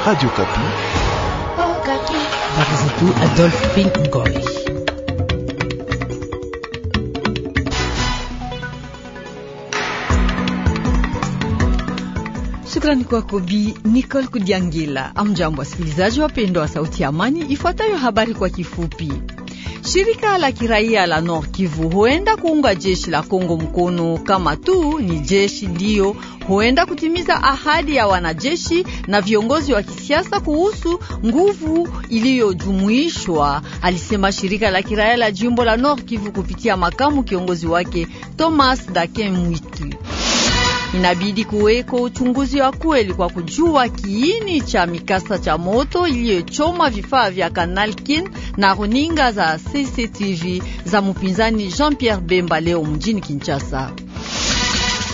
Radio Kapi. Oh, Kapi. Adolphe Ngoy. Shukrani kwako Bi Nicole Kudiangila. Amjambo wasikilizaji wapendwa wa Sauti ya Amani, ifuatayo habari kwa kifupi. Shirika la kiraia la Nord Kivu huenda kuunga jeshi la Kongo mkono kama tu ni jeshi ndiyo huenda kutimiza ahadi ya wanajeshi na viongozi wa kisiasa kuhusu nguvu iliyojumuishwa, alisema shirika la kiraia la jimbo la Nord Kivu kupitia makamu kiongozi wake Thomas Daken Mwitu. Inabidi kuweko uchunguzi wa kweli kwa kujua kiini cha mikasa cha moto iliyochoma vifaa vya Kanalkin na runinga za CCTV za mpinzani Jean-Pierre Bemba leo mjini Kinshasa.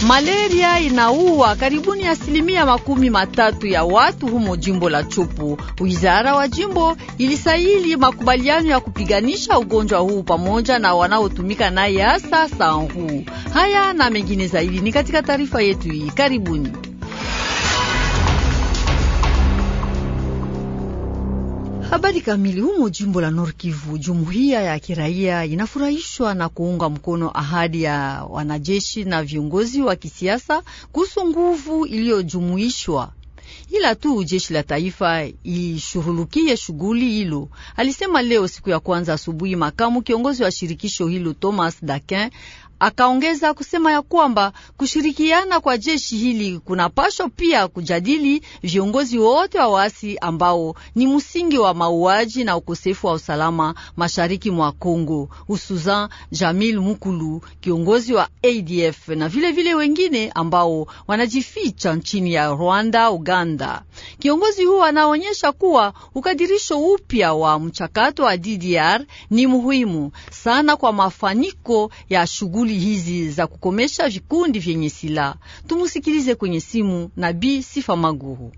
Malaria inaua karibuni asilimia makumi matatu ya watu humo jimbo la chupu Wizara wa jimbo ilisaili makubaliano ya kupiganisha ugonjwa huu pamoja na wanaotumika naye hasa sangu. Haya na mengine zaidi ni katika taarifa yetu hii. Karibuni. Habari kamili humo jimbo la Nord Kivu, jumuiya ya kiraia inafurahishwa na kuunga mkono ahadi ya wanajeshi na viongozi wa kisiasa kuhusu nguvu iliyojumuishwa, ila tu jeshi la taifa ishughulikie shughuli hilo, alisema leo siku ya kwanza asubuhi makamu kiongozi wa shirikisho hilo Thomas Dakin Akaongeza kusema ya kwamba kushirikiana kwa jeshi hili kunapashwa pia kujadili viongozi wote wa waasi ambao ni msingi wa mauaji na ukosefu wa usalama mashariki mwa Kongo, hususan Jamil Mukulu, kiongozi wa ADF na vilevile vile wengine ambao wanajificha nchini ya Rwanda, Uganda. Kiongozi huo anaonyesha kuwa ukadirisho upya wa mchakato wa DDR ni muhimu sana kwa mafaniko ya shughuli hizi za kukomesha vikundi vyenye silaha. Tumusikilize kwenye simu Nabii Sifa Maguhu.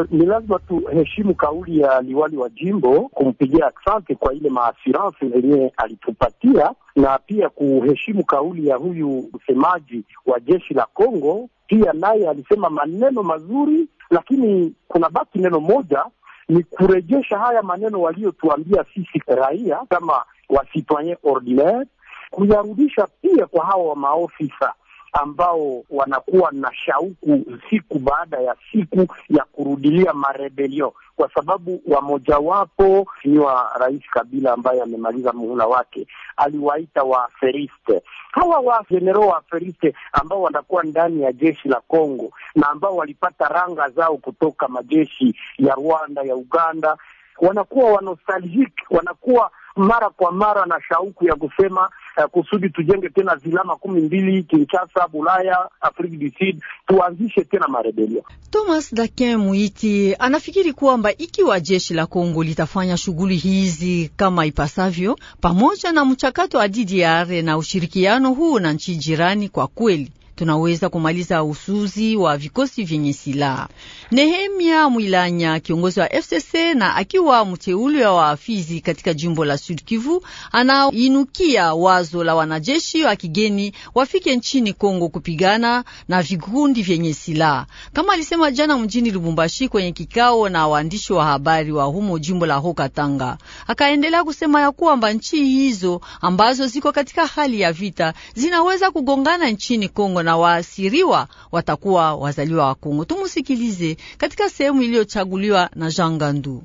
Eh, ni lazima tuheshimu kauli ya liwali wa jimbo kumpigia asante kwa ile maasiransi yenyewe alitupatia, na pia kuheshimu kauli ya huyu msemaji wa jeshi la Kongo. Pia naye alisema maneno mazuri, lakini kuna baki neno moja, ni kurejesha haya maneno waliotuambia sisi raia kama wasitoyen ordinaire, kuyarudisha pia kwa hawa maofisa ambao wanakuwa na shauku siku baada ya siku ya kurudilia marebelio, kwa sababu wamojawapo ni wa Rais Kabila ambaye amemaliza muhula wake, aliwaita waaferiste hawa wajenero waaferiste ambao wanakuwa ndani ya jeshi la Kongo na ambao walipata ranga zao kutoka majeshi ya Rwanda, ya Uganda, wanakuwa wanostalgic, wanakuwa mara kwa mara na shauku ya kusema uh, kusudi tujenge tena vilama kumi mbili Kinshasa, Bulaya, Afrika du Sud, tuanzishe tena marebelio. Thomas Dakin Muiti anafikiri kwamba ikiwa jeshi la Kongo litafanya shughuli hizi kama ipasavyo, pamoja na mchakato wa DDR na ushirikiano huu na nchi jirani, kwa kweli tunaweza kumaliza usuzi wa vikosi vyenye silaha. Nehemia Mwilanya, kiongozi wa FCC na akiwa mteuli wa waafizi katika jimbo la Sud Kivu, anainukia wazo la wanajeshi wa kigeni wafike nchini Kongo kupigana na vikundi vyenye silaha, kama alisema jana mjini Lubumbashi kwenye kikao na waandishi wa habari wa humo jimbo la Haut Katanga. Akaendelea kusema ya kwamba nchi hizo ambazo ziko katika hali ya vita zinaweza kugongana nchini Kongo na na waasiriwa watakuwa wazaliwa wa Kongo. Tumusikilize katika sehemu iliyochaguliwa na Jean Gandu.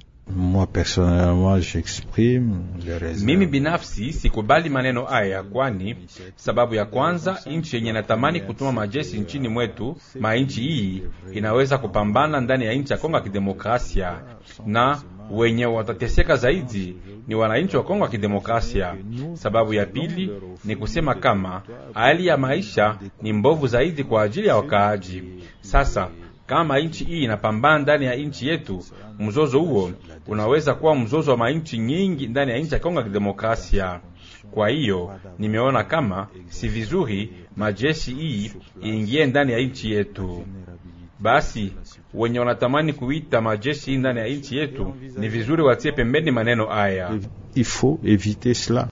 Mimi binafsi sikubali maneno haya, kwani sababu ya kwanza, nchi yenye natamani kutuma majeshi nchini mwetu ma nchi hii inaweza kupambana ndani ya nchi ya Kongo ya Kidemokrasia na Wenye watateseka zaidi ni wananchi wa Kongo ya Kidemokrasia. Sababu ya pili ni kusema kama hali ya maisha ni mbovu zaidi kwa ajili ya wakaaji. Sasa kama nchi hii inapambana ndani ya nchi yetu, mzozo huo unaweza kuwa mzozo wa manchi nyingi ndani ya nchi ya Kongo ya Kidemokrasia. Kwa hiyo nimeona kama si vizuri majeshi hii iingie ndani ya nchi yetu. Basi wenye wanatamani kuita majeshi ndani ya nchi yetu, ni vizuri watie pembeni maneno haya. Il faut éviter cela.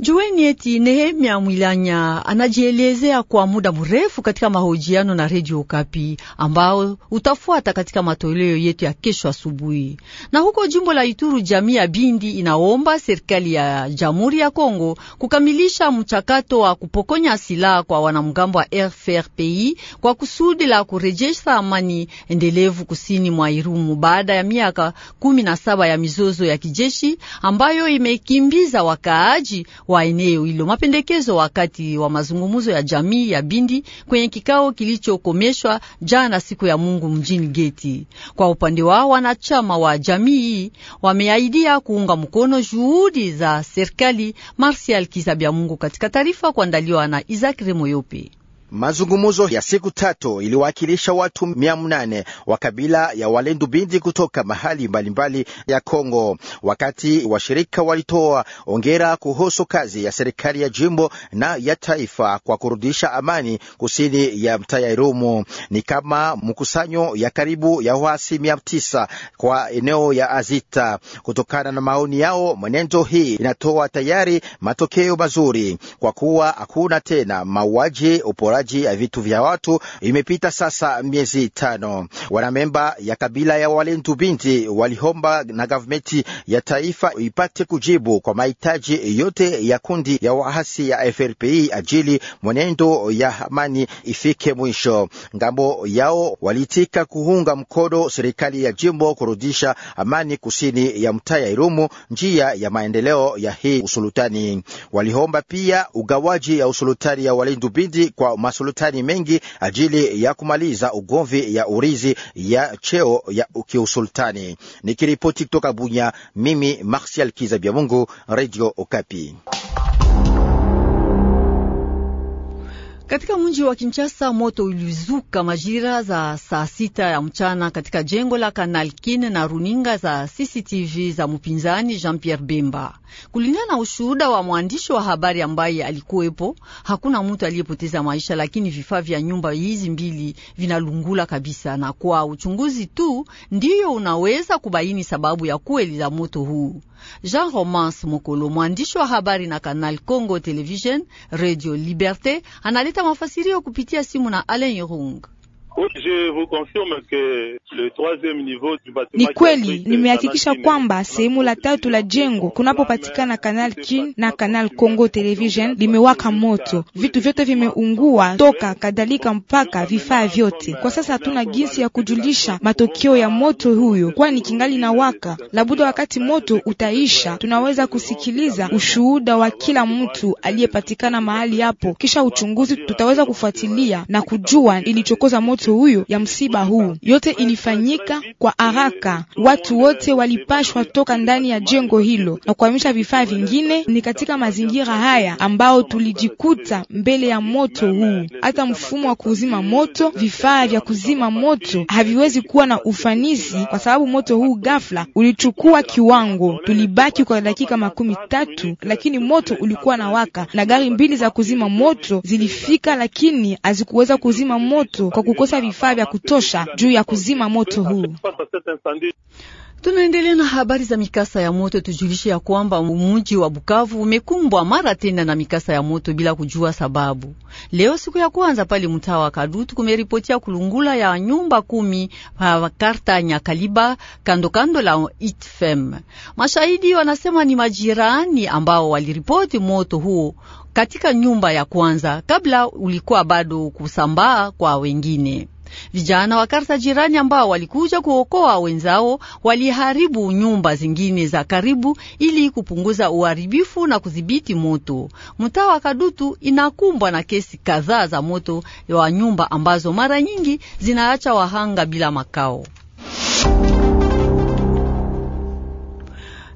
Jueni eti Nehemia Mwilanya anajielezea kwa muda mrefu katika mahojiano na Redio Okapi ambao utafuata katika matoleo yetu ya kesho asubuhi. Na huko jimbo la Ituru, jamii ya Bindi inaomba serikali ya Jamhuri ya Kongo kukamilisha mchakato wa kupokonya silaha kwa wanamgambo wa FRPI kwa kusudi la kurejesha amani endelevu kusini mwa Irumu baada ya miaka kumi na saba ya mizozo ya kijeshi ambayo imekimbiza wakaaji wa eneo hilo. Mapendekezo wakati wa mazungumzo ya jamii ya Bindi kwenye kikao kilichokomeshwa jana siku ya Mungu mjini Geti. Kwa upande wao, wanachama wa jamii hii wameahidia kuunga mkono juhudi za serikali. Marsial Kizabya Mungu katika taarifa kuandaliwa na Isaac Remoyope. Mazungumzo ya siku tatu iliwakilisha watu mia mnane wa kabila ya Walendu Bindi kutoka mahali mbalimbali ya Kongo, wakati washirika walitoa ongera kuhusu kazi ya serikali ya jimbo na ya taifa kwa kurudisha amani kusini ya mtaa ya Irumu. Ni kama mkusanyo ya karibu ya waasi mia tisa kwa eneo ya Azita. Kutokana na maoni yao, mwenendo hii inatoa tayari matokeo mazuri kwa kuwa hakuna tena mauaji upora uporaji ya vitu vya watu. Imepita sasa miezi tano. Wanamemba ya kabila ya Walendu Binti walihomba na gavumenti ya taifa ipate kujibu kwa mahitaji yote ya kundi ya waasi ya FRPI ajili mwenendo ya amani ifike mwisho. Ngambo yao walitika kuunga mkono serikali ya jimbo kurudisha amani kusini ya mtaa ya Irumu, njia ya maendeleo ya hii usulutani. Walihomba pia ugawaji ya usulutani ya Walendu Binti kwa masultani mengi ajili ya kumaliza ugomvi ya urizi ya cheo ya kiusultani. Nikiripoti kutoka Bunya, mimi Marsial Kiza Bya Mungu, Radio Okapi. Katika mji wa Kinshasa moto ulizuka majira za saa sita ya mchana katika jengo la Canal Kin na runinga za CCTV za mpinzani Jean-Pierre Bemba. Kulingana na ushuhuda wa mwandishi wa habari ambaye alikuwepo, hakuna mtu aliyepoteza maisha, lakini vifaa vya nyumba hizi mbili vinalungula kabisa, na kwa uchunguzi tu ndiyo unaweza kubaini sababu ya kweli za moto huu. Jean Romance Mokolo, mwandishi wa habari na Canal Congo Television Radio Liberté, analeta kupata mafasirio kupitia simu na Alain Rung. Ni kweli nimehakikisha kwamba sehemu la tatu la jengo kunapopatikana Canal Kin na Canal Congo Television limewaka moto, vitu vyote vimeungua toka kadhalika mpaka vifaa vyote. Kwa sasa hatuna jinsi ya kujulisha matokeo ya moto huyo, kwani kingali na waka. Labuda wakati moto utaisha, tunaweza kusikiliza ushuhuda wa kila mtu aliyepatikana mahali hapo, kisha uchunguzi tutaweza kufuatilia na kujua ilichokoza moto mtoto huyo ya msiba huu. Yote ilifanyika kwa haraka, watu wote walipashwa toka ndani ya jengo hilo na kuhamisha vifaa vingine. Ni katika mazingira haya ambao tulijikuta mbele ya moto huu. Hata mfumo wa kuzima moto, vifaa vya kuzima moto haviwezi kuwa na ufanisi, kwa sababu moto huu ghafla ulichukua kiwango. Tulibaki kwa dakika makumi tatu, lakini moto ulikuwa na waka na gari mbili za kuzima moto zilifika, lakini hazikuweza kuzima moto kwa kukosa kukosa vifaa vya kutosha juu ya kuzima moto huu. Tunaendelea na habari za mikasa ya moto. Tujulishe ya kwamba mji wa Bukavu umekumbwa mara tena na mikasa ya moto bila kujua sababu. Leo siku ya kwanza pale mtaa wa Kadutu kumeripotia kulungula ya nyumba kumi pa karta Nyakaliba kandokando la Itfem. Mashahidi wanasema ni majirani ambao waliripoti moto huo katika nyumba ya kwanza kabla ulikuwa bado kusambaa kwa wengine. Vijana wa Karta jirani ambao walikuja kuokoa wenzao waliharibu nyumba zingine za karibu ili kupunguza uharibifu na kudhibiti moto. Mtaa wa Kadutu inakumbwa na kesi kadhaa za moto wa nyumba ambazo mara nyingi zinaacha wahanga bila makao.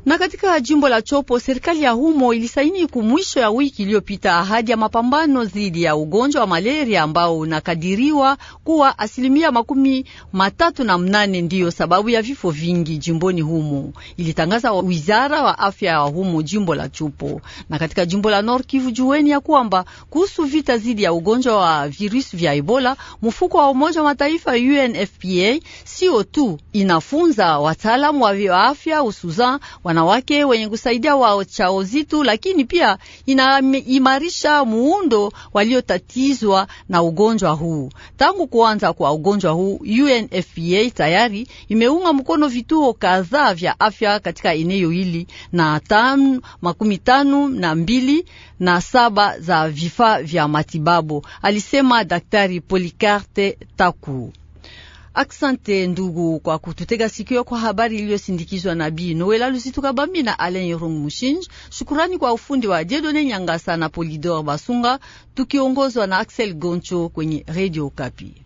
Na katika jimbo la Chopo, serikali ya humo ilisaini kumwisho ya wiki iliyopita ahadi ya mapambano dhidi ya ugonjwa wa malaria ambao unakadiriwa kuwa asilimia makumi matatu na mnane ndiyo sababu ya vifo vingi jimboni humo, ilitangaza wizara wa afya ya humo jimbo la Chopo. Na katika jimbo la Nord Kivu, jueni ya kwamba kuhusu vita dhidi ya ugonjwa wa virusi vya Ebola, mfuko wa Umoja wa Mataifa UNFPA sio tu inafunza wataalamu wa afya usuzan wanawake wenye kusaidia cha uzito, lakini pia inaimarisha muundo waliotatizwa na ugonjwa huu. Tangu kuanza kwa ugonjwa huu, UNFPA tayari imeunga mkono vituo kadhaa vya afya katika eneo hili na tam, makumi tano na mbili na saba za vifaa vya matibabu, alisema Daktari Polikarte Taku. Aksante ndugu kwa kututega sikio kwa habari iliyosindikizwa na Bi Noela Lusituka Bambi na Alen Yorong Mushinji. Shukurani kwa ufundi wa Jedone Nyangasa na Polidor Basunga, tukiongozwa na Axel Goncho kwenye Radio Kapi.